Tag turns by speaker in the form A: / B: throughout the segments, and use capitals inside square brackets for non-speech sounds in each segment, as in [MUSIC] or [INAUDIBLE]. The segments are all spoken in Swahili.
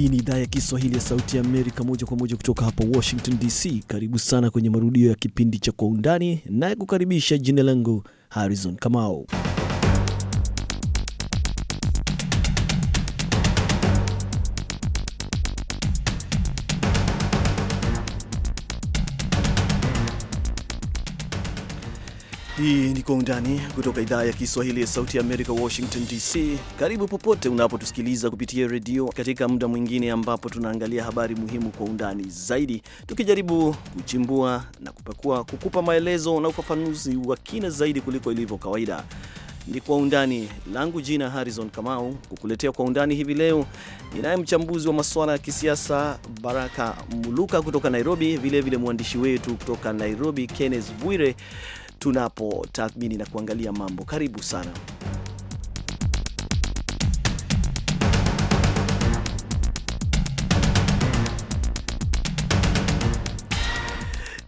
A: Hii ni idhaa ya Kiswahili ya Sauti ya Amerika, moja kwa moja kutoka hapa Washington DC. Karibu sana kwenye marudio ya kipindi cha Kwa Undani, naye kukaribisha, jina langu Harrison Kamau. Hii ni Kwa Undani kutoka idhaa ya Kiswahili ya Sauti ya Amerika, Washington DC. Karibu popote unapotusikiliza kupitia redio, katika muda mwingine ambapo tunaangalia habari muhimu kwa undani zaidi, tukijaribu kuchimbua na kupekua, kukupa maelezo na ufafanuzi wa kina zaidi kuliko ilivyo kawaida. Ni Kwa Undani. Langu jina Harrison Kamau. Kukuletea Kwa Undani hivi leo ninaye mchambuzi wa masuala ya kisiasa Baraka Muluka kutoka Nairobi, vilevile mwandishi wetu kutoka Nairobi Kenneth Bwire tunapotathmini na kuangalia mambo. Karibu sana.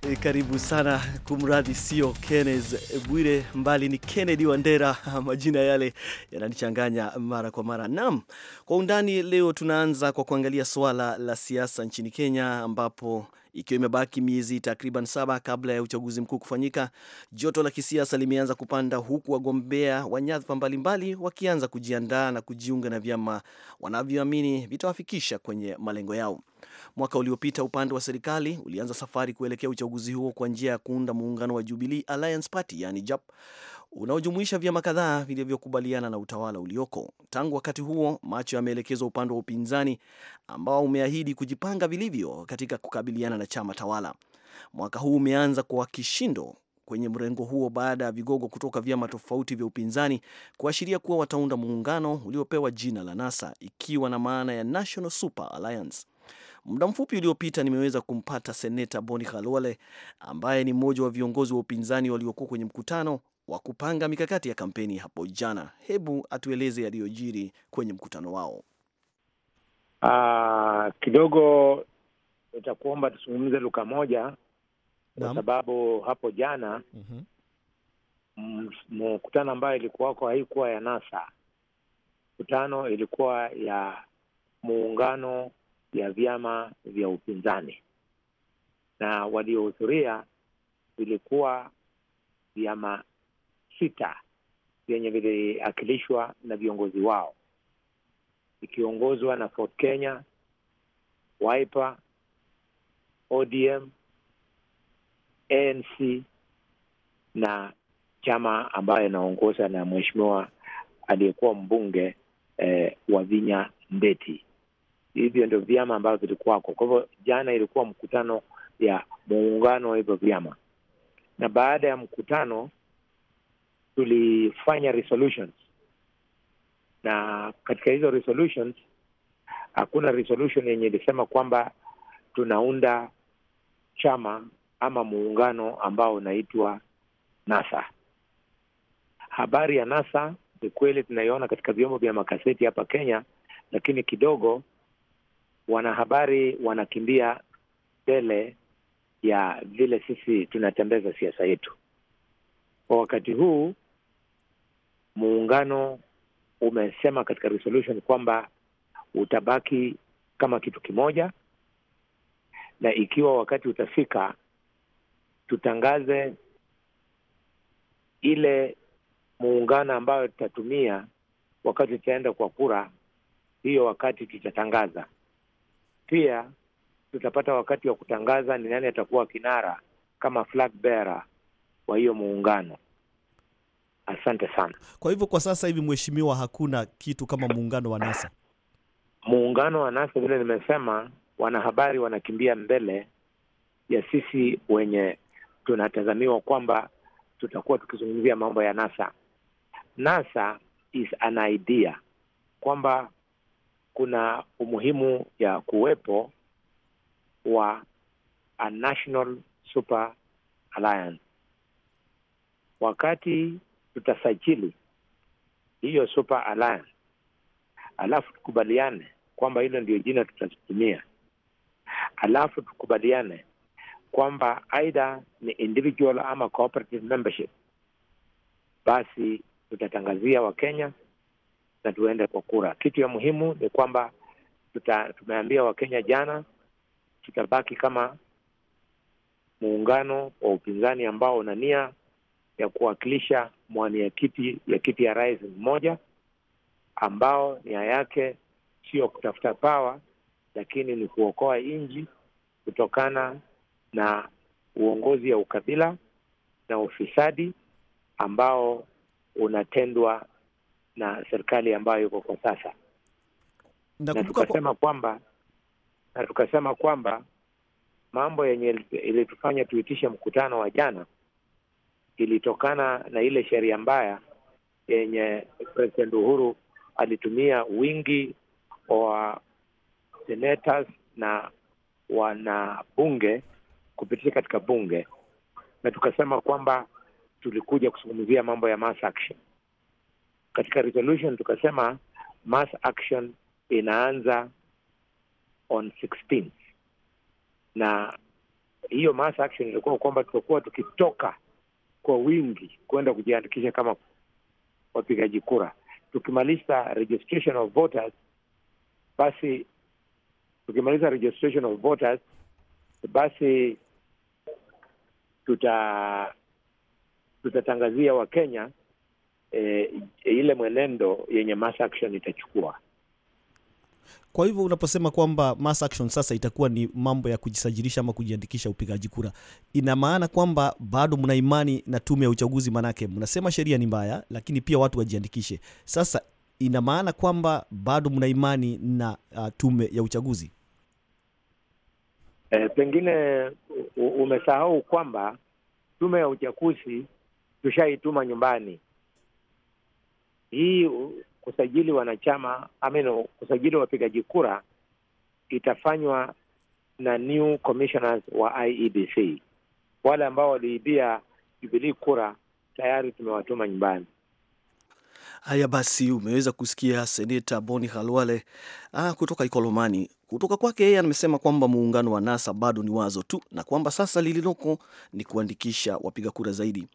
A: E, karibu sana. Kumradhi, sio Kennes Bwire, mbali ni Kennedy Wandera. [LAUGHS] Majina yale yananichanganya mara kwa mara. Naam, kwa undani leo tunaanza kwa kuangalia suala la siasa nchini Kenya, ambapo ikiwa imebaki miezi takriban saba kabla ya uchaguzi mkuu kufanyika, joto la kisiasa limeanza kupanda, huku wagombea wa nyadhifa mbalimbali wakianza kujiandaa na kujiunga na vyama wanavyoamini vitawafikisha kwenye malengo yao. Mwaka uliopita upande wa serikali ulianza safari kuelekea uchaguzi huo kwa njia ya kuunda muungano wa Jubilee Alliance Party, yani JAP, unaojumuisha vyama kadhaa vilivyokubaliana na utawala ulioko. Tangu wakati huo, macho yameelekezwa upande wa upinzani ambao umeahidi kujipanga vilivyo katika kukabiliana na chama tawala. Mwaka huu umeanza kwa kishindo kwenye mrengo huo baada ya vigogo kutoka vyama tofauti vya upinzani kuashiria kuwa wataunda muungano uliopewa jina la NASA ikiwa na maana ya National Super Alliance. Muda mfupi uliopita nimeweza kumpata seneta Boni Khalwale ambaye ni mmoja wa viongozi wa upinzani waliokuwa kwenye mkutano wa kupanga mikakati ya kampeni hapo jana. Hebu atueleze yaliyojiri kwenye mkutano wao. Uh, kidogo nitakuomba tuzungumze lugha moja kwa sababu
B: hapo jana mm -hmm. mkutano ambayo ilikuwako haikuwa ya NASA. Mkutano ilikuwa ya muungano ya vyama vya upinzani na waliohudhuria vilikuwa vyama sita vyenye viliakilishwa na viongozi wao ikiongozwa na fort Kenya, Wiper, ODM, ANC na chama ambayo inaongoza na mwheshimiwa aliyekuwa mbunge eh, wa Vinya Ndeti. Hivyo ndio vyama ambavyo vilikuwako. Kwa hivyo jana ilikuwa mkutano ya muungano wa hivyo vyama, na baada ya mkutano tulifanya resolutions na katika hizo resolutions hakuna resolution yenye ilisema kwamba tunaunda chama ama muungano ambao unaitwa NASA. Habari ya NASA ni kweli tunaiona katika vyombo vya makaseti hapa Kenya, lakini kidogo wanahabari wanakimbia mbele ya vile sisi tunatembeza siasa yetu. Kwa wakati huu muungano umesema katika resolution kwamba utabaki kama kitu kimoja, na ikiwa wakati utafika tutangaze ile muungano ambayo tutatumia wakati tutaenda kwa kura hiyo. Wakati tutatangaza pia, tutapata wakati wa kutangaza ni nani atakuwa kinara kama flag bearer wa hiyo muungano. Asante
A: sana. Kwa hivyo kwa sasa hivi, mheshimiwa, hakuna kitu kama muungano wa NASA.
B: Muungano wa NASA, vile nimesema, wanahabari wanakimbia mbele ya sisi wenye tunatazamiwa kwamba tutakuwa tukizungumzia mambo ya NASA. NASA is an idea kwamba kuna umuhimu ya kuwepo wa a national super alliance. Wakati tutasajili hiyo Super Alliance, alafu tukubaliane kwamba hilo ndio jina tutatumia, alafu tukubaliane kwamba aidha ni individual ama cooperative membership, basi tutatangazia Wakenya na tuende kwa kura. Kitu ya muhimu ni kwamba tuta, tumeambia Wakenya jana tutabaki kama muungano wa upinzani ambao una nia ya kuwakilisha mwani ya kiti ya kiti ya rais mmoja, ambao nia yake sio kutafuta pawa, lakini ni kuokoa nji kutokana na uongozi ya ukabila na ufisadi ambao unatendwa na serikali ambayo iko kwa sasa,
C: na, na tukasema
B: kwamba na tukasema kwamba mambo yenye ilitufanya tuitishe mkutano wa jana ilitokana na ile sheria mbaya yenye President Uhuru alitumia wingi wa senators na wanabunge kupitia katika bunge, na tukasema kwamba tulikuja kuzungumzia mambo ya mass action. Katika resolution tukasema mass action inaanza on 16 na hiyo mass action ilikuwa kwamba tutakuwa tukitoka kwa wingi kwenda kujiandikisha kama wapigaji kura. Tukimaliza registration of voters, basi tukimaliza registration of voters, basi tuta tutatangazia Wakenya e, eh, ile mwenendo yenye mass action itachukua.
A: Kwa hivyo unaposema kwamba mass action sasa itakuwa ni mambo ya kujisajilisha ama kujiandikisha upigaji kura, ina maana kwamba bado mna imani na tume ya uchaguzi? Manake mnasema sheria ni mbaya, lakini pia watu wajiandikishe. Sasa ina maana kwamba bado mna imani na uh, tume ya uchaguzi?
B: E, pengine umesahau kwamba tume ya uchaguzi tushaituma nyumbani hii kusajili wanachama ameno kusajili wapigaji kura itafanywa na new commissioners wa IEBC. Wale ambao waliibia Jubilii kura tayari tumewatuma nyumbani.
A: Haya basi, umeweza kusikia seneta Boni Halwale ah, kutoka Ikolomani. Kutoka kwake yeye amesema kwamba muungano wa NASA bado ni wazo tu na kwamba sasa lililoko ni kuandikisha wapiga kura zaidi.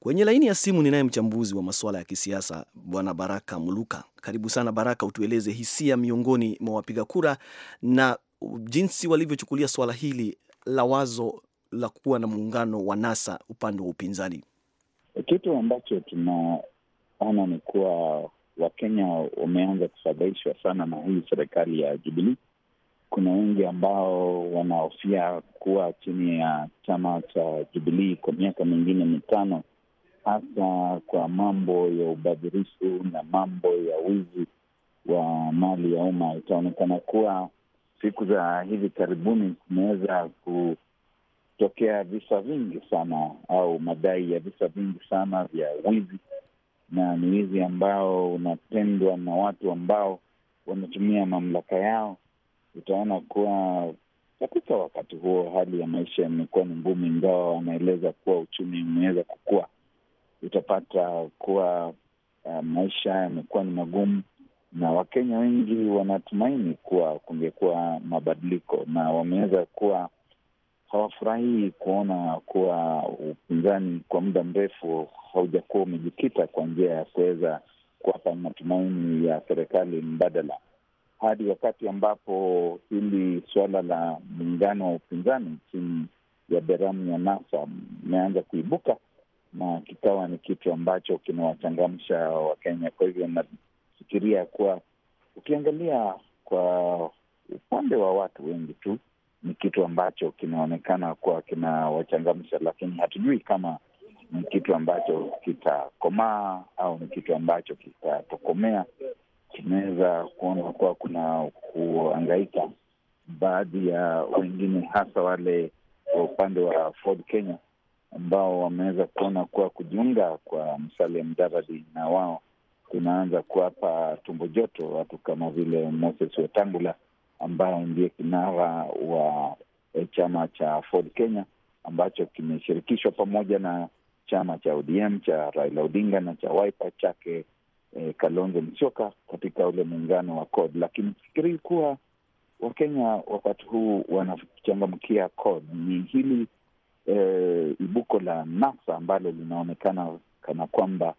A: Kwenye laini ya simu ninaye mchambuzi wa masuala ya kisiasa Bwana Baraka Muluka. Karibu sana Baraka, utueleze hisia miongoni mwa wapiga kura na jinsi walivyochukulia swala hili la wazo la kuwa na muungano wa NASA upande wa upinzani.
D: Kitu ambacho tuna sana ni kuwa Wakenya wameanza kusababishwa sana na hii serikali ya Jubilii. Kuna wengi ambao wanahofia kuwa chini ya chama cha Jubilii kwa miaka mingine mitano, hasa kwa mambo ya ubadhirifu na mambo ya wizi wa mali ya umma. Itaonekana kuwa siku za hivi karibuni kumeweza kutokea visa vingi sana au madai ya visa vingi sana vya wizi na ni wizi ambao unapendwa na watu ambao wanatumia mamlaka yao. Utaona kuwa katika wakati huo hali ya maisha imekuwa ni ngumu, ingawa wanaeleza kuwa uchumi umeweza kukua. Utapata kuwa uh, maisha yamekuwa ni magumu, na Wakenya wengi wanatumaini kuwa kungekuwa mabadiliko, na wameweza kuwa hawafurahii kuona kuwa upinzani kwa muda mrefu haujakuwa umejikita kwa njia ya kuweza kuwapa matumaini ya serikali mbadala, hadi wakati ambapo hili suala la muungano wa upinzani chini ya beramu ya NASA imeanza kuibuka na kikawa ni kitu ambacho kinawachangamsha Wakenya. Kwa hivyo nafikiria kuwa ukiangalia kwa upande wa watu wengi tu ni kitu ambacho kinaonekana kuwa kinawachangamsha, lakini hatujui kama ni kitu ambacho kitakomaa au ni kitu ambacho kitatokomea. Tunaweza kuona kuwa kuna kuangaika baadhi ya wengine, hasa wale wa upande wa Ford Kenya ambao wameweza kuona kuwa kujiunga kwa Musalia Mudavadi na wao kunaanza kuwapa tumbo joto watu kama vile Moses Wetangula ambaye ndiye kinara wa e, chama cha Ford Kenya ambacho kimeshirikishwa pamoja na chama cha ODM cha Raila Odinga na cha Wiper chake eh, Kalonzo Musyoka katika ule muungano wa CORD, lakini fikirii kuwa Wakenya wakati huu wanachangamkia CORD. Ni hili eh, ibuko la NASA ambalo linaonekana kana kwamba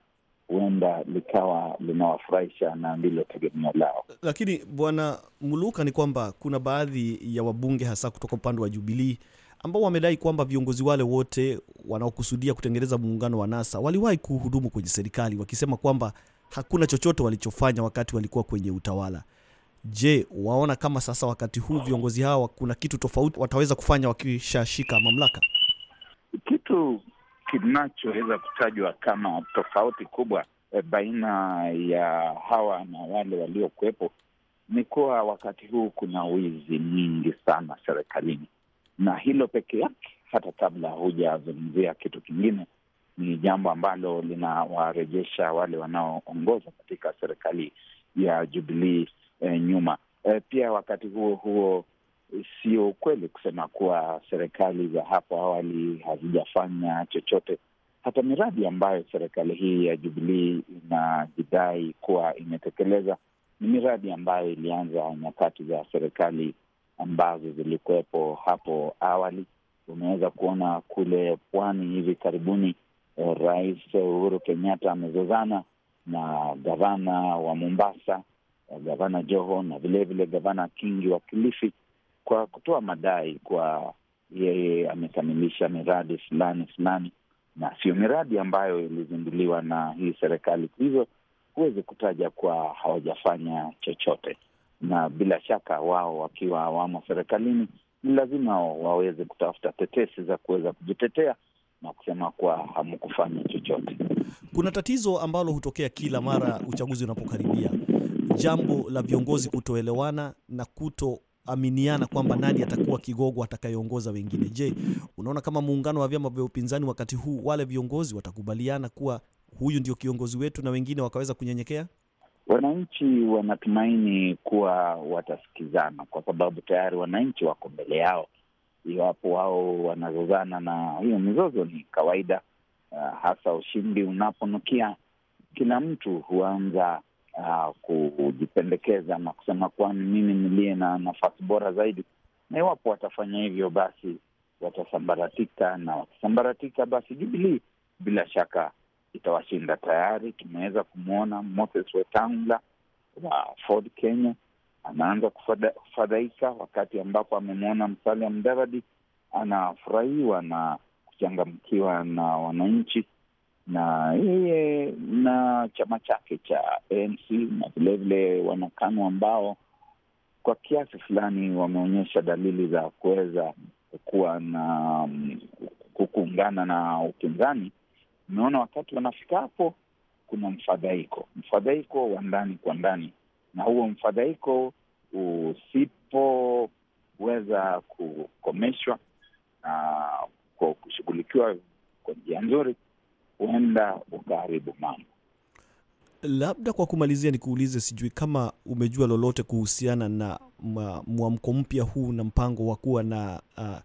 D: huenda likawa linawafurahisha na ndilo tegemeo lao.
A: Lakini Bwana Muluka, ni kwamba kuna baadhi ya wabunge hasa kutoka upande wa Jubilii ambao wamedai kwamba viongozi wale wote wanaokusudia kutengeneza muungano wa NASA waliwahi kuhudumu kwenye serikali, wakisema kwamba hakuna chochote walichofanya wakati walikuwa kwenye utawala. Je, waona kama sasa wakati huu viongozi hawa kuna kitu tofauti wataweza kufanya wakishashika mamlaka?
D: Kitu kinachoweza kutajwa kama tofauti kubwa e, baina ya hawa na wale waliokuwepo ni kuwa wakati huu kuna wizi nyingi sana serikalini, na hilo peke yake, hata kabla hujazungumzia kitu kingine, ni jambo ambalo linawarejesha wale wanaoongoza katika serikali ya Jubilii e, eh, nyuma. E, pia wakati huo huo sio ukweli kusema kuwa serikali za hapo awali hazijafanya chochote. Hata miradi ambayo serikali hii ya Jubilii inajidai kuwa imetekeleza ni miradi ambayo ilianza nyakati za serikali ambazo zilikuwepo hapo awali. Umeweza kuona kule pwani hivi karibuni, eh, Rais Uhuru Kenyatta amezozana na gavana wa Mombasa, eh, gavana Joho na vilevile gavana Kingi wa Kilifi kwa kutoa madai kwa yeye amekamilisha miradi fulani fulani, na sio miradi ambayo ilizinduliwa na hii serikali. Hivyo huwezi kutaja kuwa hawajafanya chochote, na bila shaka wao wakiwa awamo serikalini ni lazima waweze kutafuta tetesi za kuweza kujitetea na kusema kuwa hamkufanya chochote.
A: Kuna tatizo ambalo hutokea kila mara uchaguzi unapokaribia, jambo la viongozi kutoelewana na kuto aminiana kwamba nani atakuwa kigogo atakayeongoza wengine. Je, unaona kama muungano wa vyama vya upinzani wakati huu wale viongozi watakubaliana kuwa huyu ndio kiongozi wetu na wengine wakaweza kunyenyekea?
D: Wananchi wanatumaini kuwa watasikizana, kwa sababu tayari wananchi wako mbele yao. Iwapo wao wanazozana, na hiyo mizozo ni kawaida, eh, hasa ushindi unaponukia, kila mtu huanza uh, kujipendekeza na kusema kwani mimi niliye na nafasi bora zaidi, na iwapo watafanya hivyo, basi watasambaratika, na wakisambaratika, basi Jubilii bila shaka itawashinda. Tayari tumeweza kumwona Moses Wetangula wa Ford Kenya anaanza kufadhaika, wakati ambapo amemwona Musalia Mudavadi anafurahiwa na kuchangamkiwa na wananchi na yeye na chama chake cha ANC na vilevile wanakanu ambao kwa kiasi fulani wameonyesha dalili za kuweza kuwa na kuungana na upinzani. Umeona, wakati wanafika hapo, kuna mfadhaiko, mfadhaiko wa ndani kwa ndani, na huo mfadhaiko usipoweza kukomeshwa na kushughulikiwa kwa njia nzuri, huenda ukaharibu mambo.
A: Labda kwa kumalizia, nikuulize, sijui kama umejua lolote kuhusiana na mwamko mpya huu na mpango wa kuwa na uh,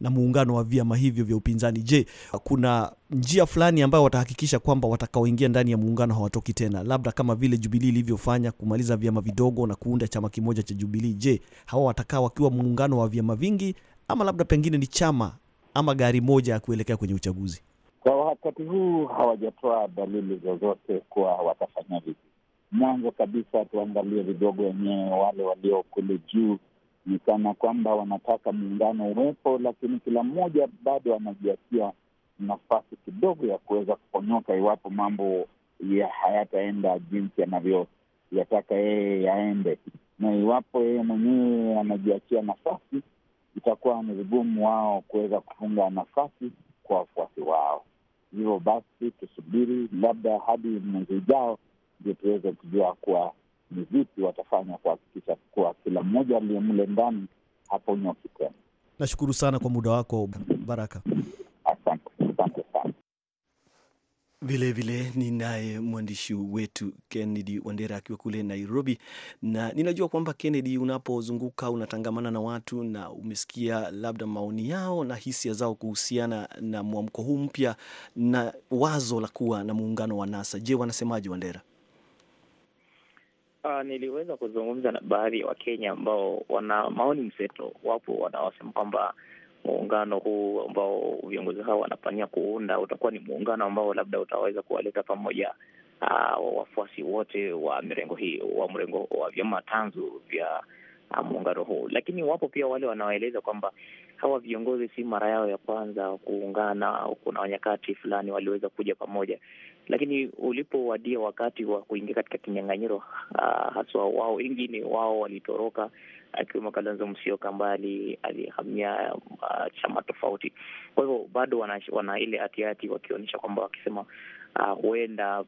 A: na muungano wa vyama hivyo vya upinzani. Je, kuna njia fulani ambayo watahakikisha kwamba watakaoingia ndani ya muungano hawatoki tena, labda kama vile Jubilii ilivyofanya kumaliza vyama vidogo na kuunda chama kimoja cha Jubilii? Je, hawa watakaa wakiwa muungano wa vyama vingi, ama labda pengine ni chama ama gari moja ya kuelekea kwenye uchaguzi?
D: Kwa wakati huu hawajatoa dalili zozote kuwa watafanya vipi. Mwanzo kabisa tuangalie vidogo wenyewe, wale walio kule juu, ni kana kwamba wanataka muungano uwepo, lakini kila mmoja bado anajiachia nafasi kidogo ya kuweza kuponyoka iwapo mambo ya hayataenda jinsi anavyoyataka yeye yaende, na iwapo yeye mwenyewe anajiachia nafasi, itakuwa ni vigumu wao kuweza kufunga nafasi kwa wafuasi wao. Hivyo basi tusubiri labda hadi mwezi ujao, ndio tuweze kujua kuwa ni vipi watafanya kuhakikisha kuwa kila mmoja aliye mle ndani hapo
A: kikwena. Nashukuru sana kwa muda wako Baraka. Vilevile ninaye mwandishi wetu Kennedy Wandera akiwa kule Nairobi, na ninajua kwamba Kennedy, unapozunguka unatangamana na watu na umesikia labda maoni yao na hisia zao kuhusiana na mwamko huu mpya na wazo la kuwa na muungano wa NASA. Je, wanasemaje Wandera?
E: Uh, niliweza kuzungumza na baadhi ya Wakenya ambao wana maoni mseto. Wapo wanaosema kwamba muungano huu ambao viongozi hao wanapania kuunda utakuwa ni muungano ambao labda utaweza kuwaleta pamoja uh, wafuasi wote wa mrengo hii wa mrengo wa vyama tanzu vya uh, muungano huu. Lakini wapo pia wale wanaoeleza kwamba hawa viongozi si mara yao ya kwanza kuungana. Kuna wanyakati fulani waliweza kuja pamoja, lakini ulipowadia wakati wa kuingia katika kinyang'anyiro uh, haswa wao wengine wao walitoroka akiwemo Kalonzo Musyoka ambaye alihamia uh, chama tofauti. Kwa hivyo bado wana, wana ile hatihati wakionyesha kwamba wakisema uh, huenda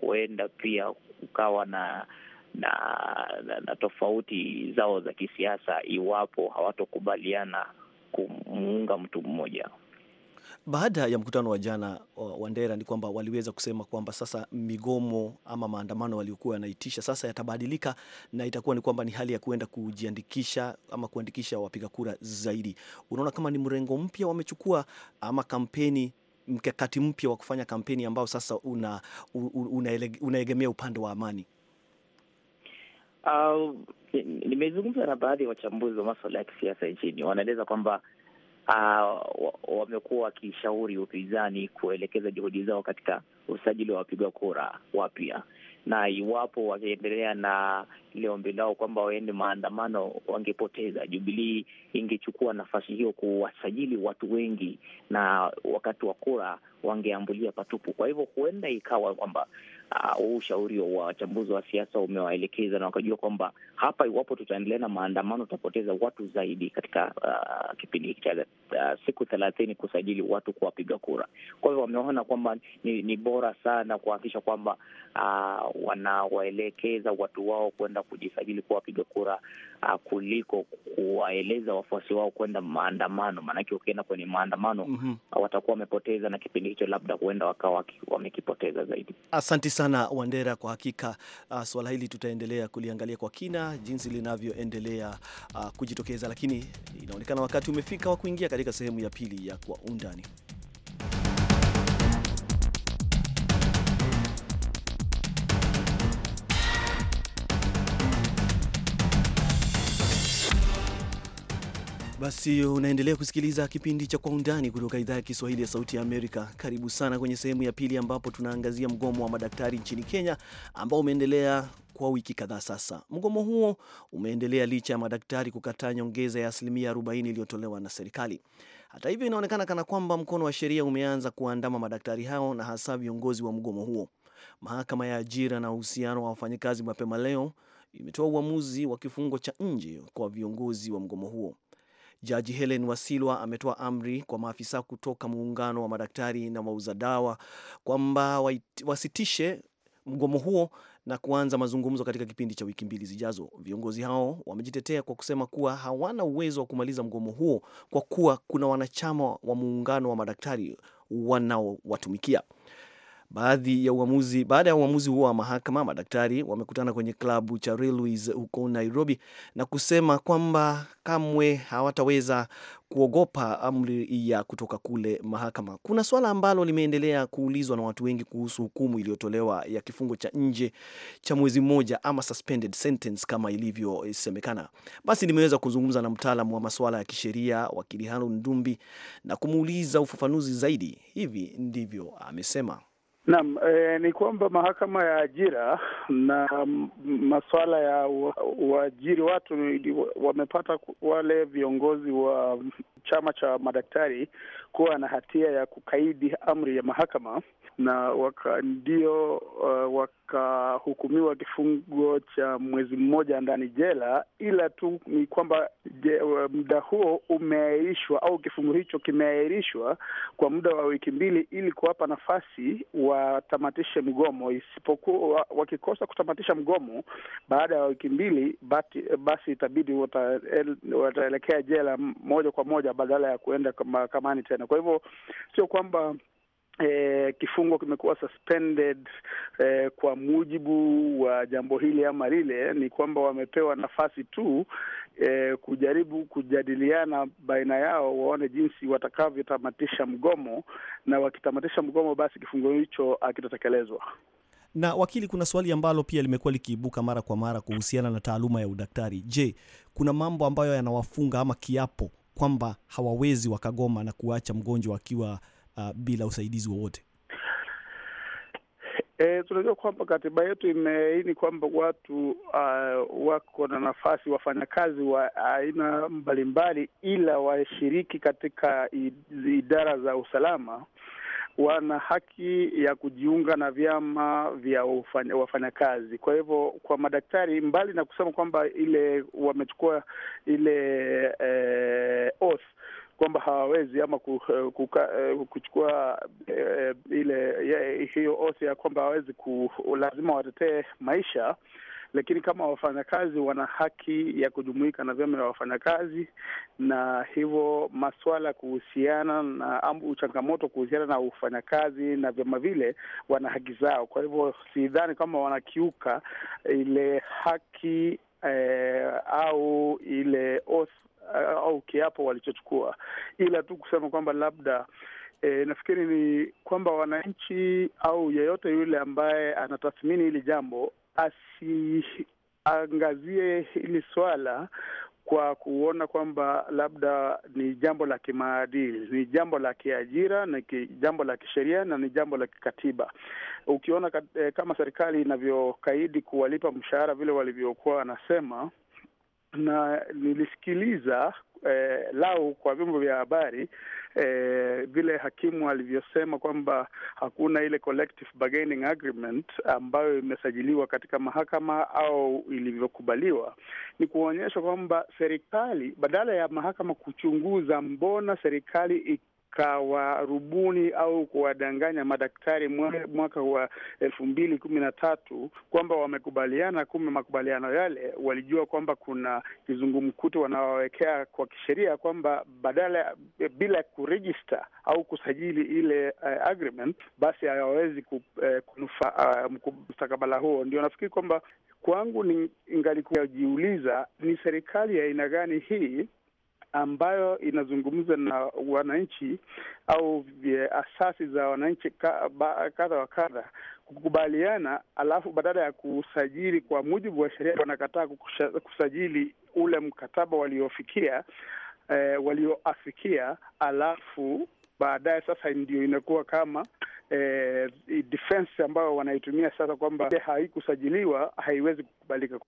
E: huenda pia kukawa na na, na, na tofauti zao za kisiasa iwapo hawatokubaliana kumuunga mtu mmoja.
A: Baada ya mkutano wa jana wa Ndera ni kwamba waliweza kusema kwamba sasa migomo ama maandamano waliokuwa yanaitisha sasa yatabadilika na itakuwa ni kwamba ni hali ya kuenda kujiandikisha ama kuandikisha wapiga kura zaidi. Unaona kama ni mrengo mpya wamechukua ama kampeni mkakati mpya wa kufanya kampeni ambao sasa una, unaegemea una, upande wa amani.
E: Uh, nimezungumza na baadhi ya wachambuzi wa maswala ya kisiasa nchini, wanaeleza kwamba uh, wamekuwa wakishauri upinzani kuelekeza juhudi zao katika usajili wa wapiga kura wapya, na iwapo wakiendelea na ile ombi lao kwamba waende maandamano wangepoteza. Jubilii ingechukua nafasi hiyo kuwasajili watu wengi, na wakati wa kura wangeambulia patupu. Kwa hivyo huenda ikawa kwamba Ah, huu uh, ushauri wa wachambuzi wa siasa umewaelekeza na wakajua kwamba hapa, iwapo tutaendelea na maandamano, tutapoteza watu zaidi katika uh, kipindi hiki cha uh, siku thelathini kusajili watu kuwapiga kura. Kwa hivyo wameona kwamba ni, ni bora sana kuhakikisha kwamba uh, wanawaelekeza watu wao kwenda kujisajili kuwapiga kura uh, kuliko kuwaeleza wafuasi wao kwenda maandamano, maanake ukienda kwenye maandamano mm -hmm. watakuwa wamepoteza, na kipindi hicho labda huenda wakawa wamekipoteza zaidi.
A: Asanti sana Wandera, kwa hakika uh, suala hili tutaendelea kuliangalia kwa kina jinsi linavyoendelea uh, kujitokeza, lakini inaonekana wakati umefika wa kuingia katika sehemu ya pili ya kwa undani. Basi unaendelea kusikiliza kipindi cha Kwa Undani kutoka idhaa ya Kiswahili ya Sauti ya Amerika. Karibu sana kwenye sehemu ya pili, ambapo tunaangazia mgomo wa madaktari nchini Kenya ambao umeendelea kwa wiki kadhaa sasa. Mgomo huo umeendelea licha ya madaktari kukataa nyongeza ya asilimia 40 iliyotolewa na serikali. Hata hivyo, inaonekana kana kwamba mkono wa sheria umeanza kuandama madaktari hao na hasa viongozi wa mgomo huo. Mahakama ya Ajira na Uhusiano wa Wafanyakazi mapema leo imetoa uamuzi wa kifungo cha nje kwa viongozi wa mgomo huo. Jaji Helen Wasilwa ametoa amri kwa maafisa kutoka muungano wa madaktari na wauza dawa kwamba wasitishe mgomo huo na kuanza mazungumzo katika kipindi cha wiki mbili zijazo. Viongozi hao wamejitetea kwa kusema kuwa hawana uwezo wa kumaliza mgomo huo kwa kuwa kuna wanachama wa muungano wa madaktari wanaowatumikia. Baadhi ya uamuzi, baada ya uamuzi huo wa mahakama, madaktari wamekutana kwenye klabu cha Railways huko Nairobi na kusema kwamba kamwe hawataweza kuogopa amri ya kutoka kule mahakama. Kuna swala ambalo limeendelea kuulizwa na watu wengi kuhusu hukumu iliyotolewa ya kifungo cha nje cha mwezi mmoja ama suspended sentence kama ilivyosemekana. Basi nimeweza kuzungumza na mtaalamu wa masuala ya kisheria wakili Harun Ndumbi na kumuuliza ufafanuzi zaidi. Hivi ndivyo amesema.
C: Naam, e, ni kwamba mahakama ya ajira na masuala ya uajiri wa, wa watu wamepata wale viongozi wa chama cha madaktari kuwa na hatia ya kukaidi amri ya mahakama na waka, ndio uh, wakahukumiwa kifungo cha mwezi mmoja ndani jela, ila tu ni kwamba uh, muda huo umeahirishwa au kifungo hicho kimeahirishwa kwa muda wa wiki mbili ili kuwapa nafasi watamatishe mgomo. Isipokuwa wakikosa kutamatisha mgomo baada ya wiki mbili, basi itabidi wataelekea jela moja kwa moja badala ya kuenda mahakamani tena. Kwa hivyo sio kwamba E, kifungo kimekuwa suspended e, kwa mujibu wa jambo hili ama lile, ni kwamba wamepewa nafasi tu e, kujaribu kujadiliana baina yao, waone jinsi watakavyotamatisha mgomo, na wakitamatisha mgomo, basi kifungo hicho hakitatekelezwa.
A: Na wakili, kuna swali ambalo pia limekuwa likiibuka mara kwa mara kuhusiana na taaluma ya udaktari. Je, kuna mambo ambayo yanawafunga ama kiapo kwamba hawawezi wakagoma na kuacha mgonjwa akiwa uh, bila usaidizi wowote?
C: E, tunajua kwamba katiba yetu imeini kwamba watu uh, wako na nafasi, wafanyakazi wa aina mbalimbali, ila washiriki katika idara za usalama wana haki ya kujiunga na vyama vya wafanyakazi. Kwa hivyo kwa madaktari, mbali na kusema kwamba ile wamechukua ile eh, oath kwamba hawawezi ama eh, kuka, eh, kuchukua eh, ile hiyo osi ya kwamba hawawezi ku, lazima watetee maisha lakini kama wafanyakazi wana haki ya kujumuika na vyama vya wafanyakazi, na hivyo maswala kuhusiana na ambu changamoto kuhusiana na ufanyakazi na vyama vile wana haki zao. Kwa hivyo sidhani kama wanakiuka ile haki eh, au ile os au kiapo walichochukua, ila tu kusema kwamba labda E, nafikiri ni kwamba wananchi au yeyote yule ambaye anatathmini hili jambo asiangazie hili swala kwa kuona kwamba labda ni jambo la kimaadili, ni jambo la kiajira, ni jambo la kisheria na ni jambo la kikatiba. Ukiona e, kama serikali inavyokaidi kuwalipa mshahara vile walivyokuwa wanasema na nilisikiliza eh, lau kwa vyombo vya habari eh, vile eh, hakimu alivyosema kwamba hakuna ile collective bargaining agreement ambayo imesajiliwa katika mahakama au ilivyokubaliwa, ni kuonyesha kwamba serikali badala ya mahakama kuchunguza mbona serikali akawarubuni au kuwadanganya madaktari mwaka wa elfu mbili kumi na tatu kwamba wamekubaliana. Kumbe makubaliano yale walijua kwamba kuna kizungumkuti wanawawekea kwa kisheria kwamba badala bila kurejista au kusajili ile uh, agreement, basi hawawezi ku, uh, kunufa uh, mstakabala huo. Ndio nafikiri kwamba kwangu ni ingalikuwa ni serikali ya aina gani hii ambayo inazungumza na wananchi au eh, asasi za wananchi kadha wa kadha kukubaliana, alafu badala ya kusajili kwa mujibu wa sheria wanakataa kusajili ule mkataba waliofikia, eh, walioafikia, alafu baadaye sasa ndio inakuwa kama eh, defense ambayo wanaitumia sasa kwamba haikusajiliwa haiwezi kukubalika.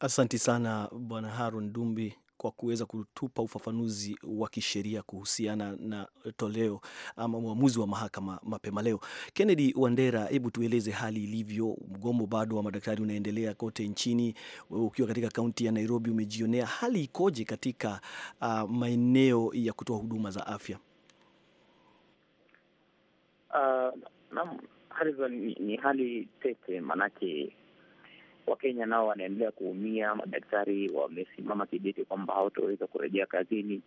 A: Asanti sana Bwana Harun Dumbi kwa kuweza kutupa ufafanuzi wa kisheria kuhusiana na toleo ama uamuzi wa mahakama mapema leo. Kennedy Wandera, hebu tueleze hali ilivyo. Mgomo bado wa madaktari unaendelea kote nchini. Wewe ukiwa katika kaunti ya Nairobi umejionea hali ikoje katika uh, maeneo ya kutoa huduma za afya?
E: Uh, naam, hali ni, ni hali tete maanake Wakenya nao wanaendelea kuumia. Madaktari wamesimama kidete kwamba hawataweza kurejea kazini,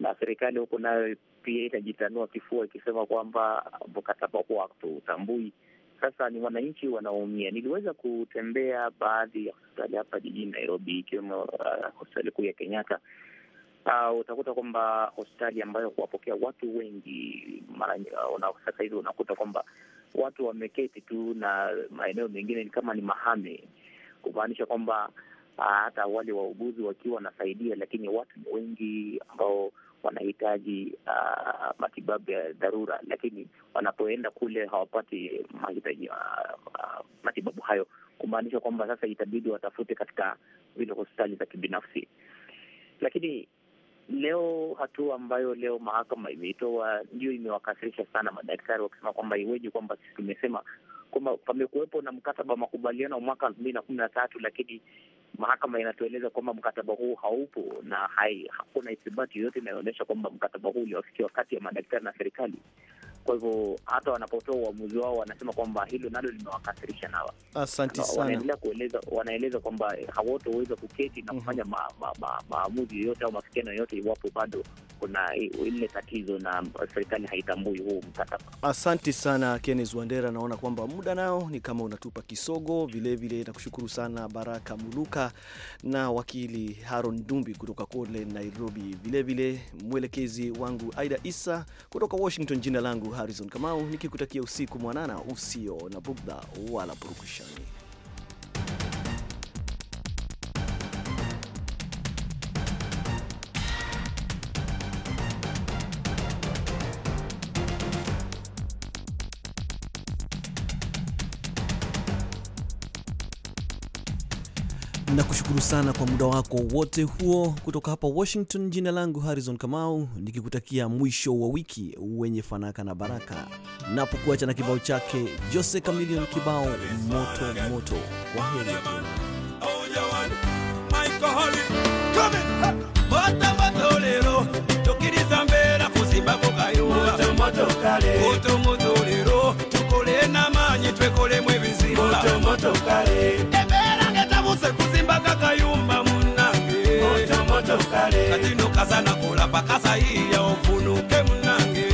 E: na serikali huko nayo pia itajitanua kifua ikisema kwamba mkataba huo hatutambui. Sasa ni wananchi wanaoumia. Niliweza kutembea baadhi ya hospitali hapa jijini Nairobi, ikiwemo uh, hospitali kuu ya Kenyatta. Uh, utakuta kwamba hospitali ambayo kuwapokea watu wengi mara uh, sasa hivi unakuta kwamba watu wameketi tu, na maeneo mengine ni kama ni mahame, kumaanisha kwamba ah, hata wale wauguzi wakiwa wanasaidia, lakini watu ni wengi ambao wanahitaji uh, matibabu ya dharura, lakini wanapoenda kule hawapati mahitaji uh, uh, matibabu hayo, kumaanisha kwamba sasa itabidi watafute katika vile hospitali za kibinafsi, lakini leo hatua ambayo leo mahakama imeitoa ndio imewakasirisha sana madaktari, wakisema kwamba iweje kwamba sisi tumesema kwamba pamekuwepo na mkataba wa makubaliano mwaka elfu mbili na kumi na tatu lakini mahakama inatueleza kwamba mkataba huu haupo na hai, hakuna ithibati yoyote inayoonyesha kwamba mkataba huu uliwafikia kati ya madaktari na serikali. Kwa hivyo hata wanapotoa uamuzi wao wanasema kwamba hilo nalo limewakasirisha nawa.
A: Asante sana. Wanaendelea
E: kueleza, wanaeleza kwamba hawatoweza kuketi na mhm. kufanya maamuzi yoyote au mafikiano yoyote iwapo bado kuna ile tatizo na serikali haitambui huu mkataba.
A: Asante sana kennes Wandera, naona kwamba muda nao ni kama unatupa kisogo. Vilevile nakushukuru sana Baraka Muluka na wakili Haron Dumbi kutoka kule Nairobi, vilevile mwelekezi wangu Aida Isa kutoka Washington. Jina langu Harrison Kamau nikikutakia usiku mwanana usio na bugdha wala purukushani. sana kwa muda wako wote huo. Kutoka hapa Washington, jina langu Harrison Kamau, nikikutakia mwisho wa wiki wenye fanaka na baraka, napokuacha na kibao chake Jose Chameleone, kibao moto moto. Kwa heri.
F: katinokazanakola bakasa iya ofunuke munange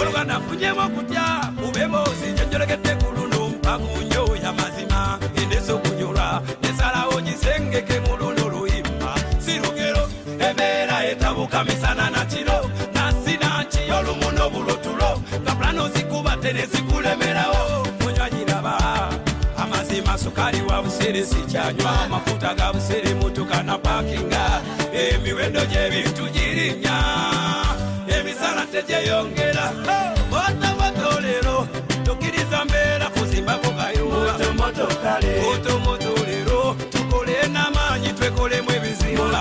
F: oluga nafunyemo kutya kubemo sinjonjolegete kulu nompagunjo ya mazima endeso kunyola nesalawo gisengeke muluno luyimba sirugero ebeera etabuka misana nakiro nasinakiyo lumuno bulutulo gapulano zikubate nezikulemerawo munywanyiraba amazima sukali wa busere sikyanywa amafuta ga busere motokana pakinga emiwendo gy'ebintu girinnya emisala tegyeyongera bota bota tukiriza mbeera kuzimbako kayumbaotomoto olero tukole n'amaanyi twekolemu ebizimba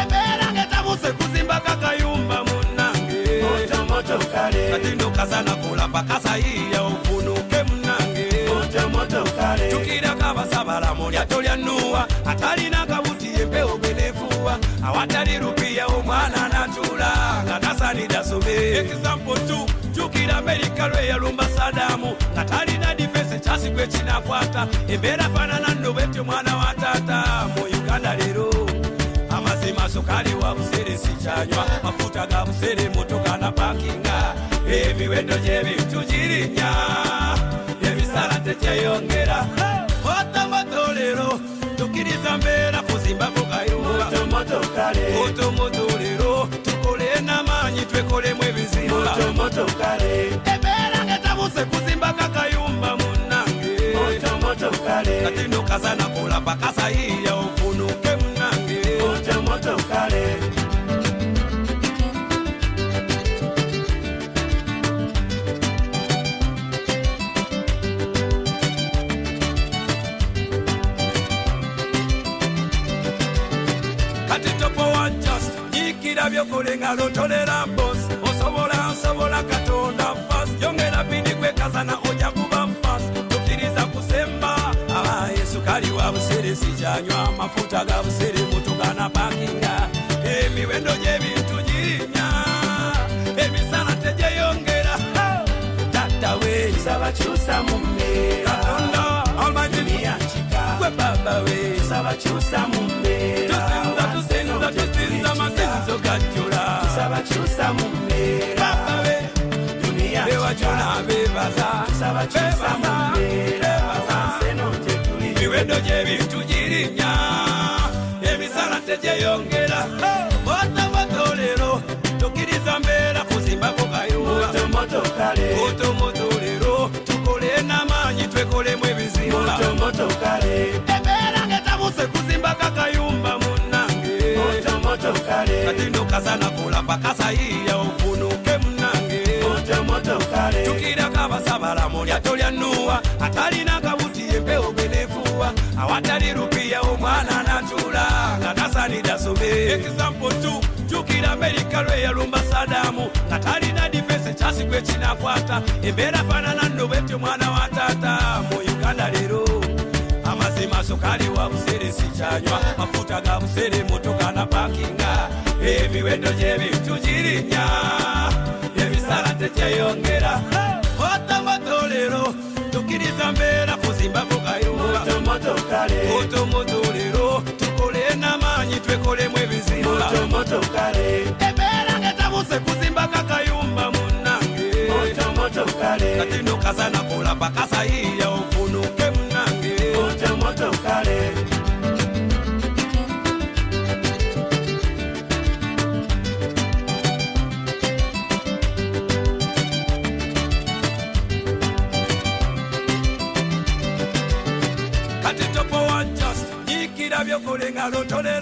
F: ebeera ngetabuse kuzimbako akayumba munnange katino kasana kulamba kasayiya ovunuke munnange tukirako abasabalamulya atali rupiya omwana natula nga tasanida sobe ekisampo tu jukira amerika lweyalumba sadamu nga talina difensi kyasigwe kinakwata embeera fanana nobwetyo mwana wa tata mu uganda lero amazima sukali wa busere sikyanywa mafuta ga busere motoka na pakinga emiwendo gyebintu girinya emisala tekyeyongera otamatolero tukiriza mbeera kuzimbakukayuba motokare moto moto lero tukole moto moto bakyusa mu mbeera katonda almanyiya gwe baba we tusa bakyusa mu tusinza tusinza tusinza amasinzo gajjula tusa bakyusa mu baba we duniya bewakyona bebaza tusa bakyusa mu yatinduka sana kulamba kasa iya ofunuke munange tukiraka basabalamu lyato lyanuwa atalina kabuti empewo genefuwa awatali rupiya omwana anatula nga tasanidasube ekisampo tu jukira amerika lwe sadamu nga talina difensi kyasi gwe kinakwata embeera faanana nno bwetyo mwana wa tata mu uganda leero amazima sukali wa busere sikyanywa mafuta ga busere motoka na pakinga ebiwendo gyebintu girinya emisala tekyeyongera otongo tolero tukiriza mbeera kuzimba kugayuutumutulero tukole namaanyi twekolemu ebizimba ebeera ngetabuse kuzimba kakayumba munnange katinokasanakola pakasayiyo I don't turn it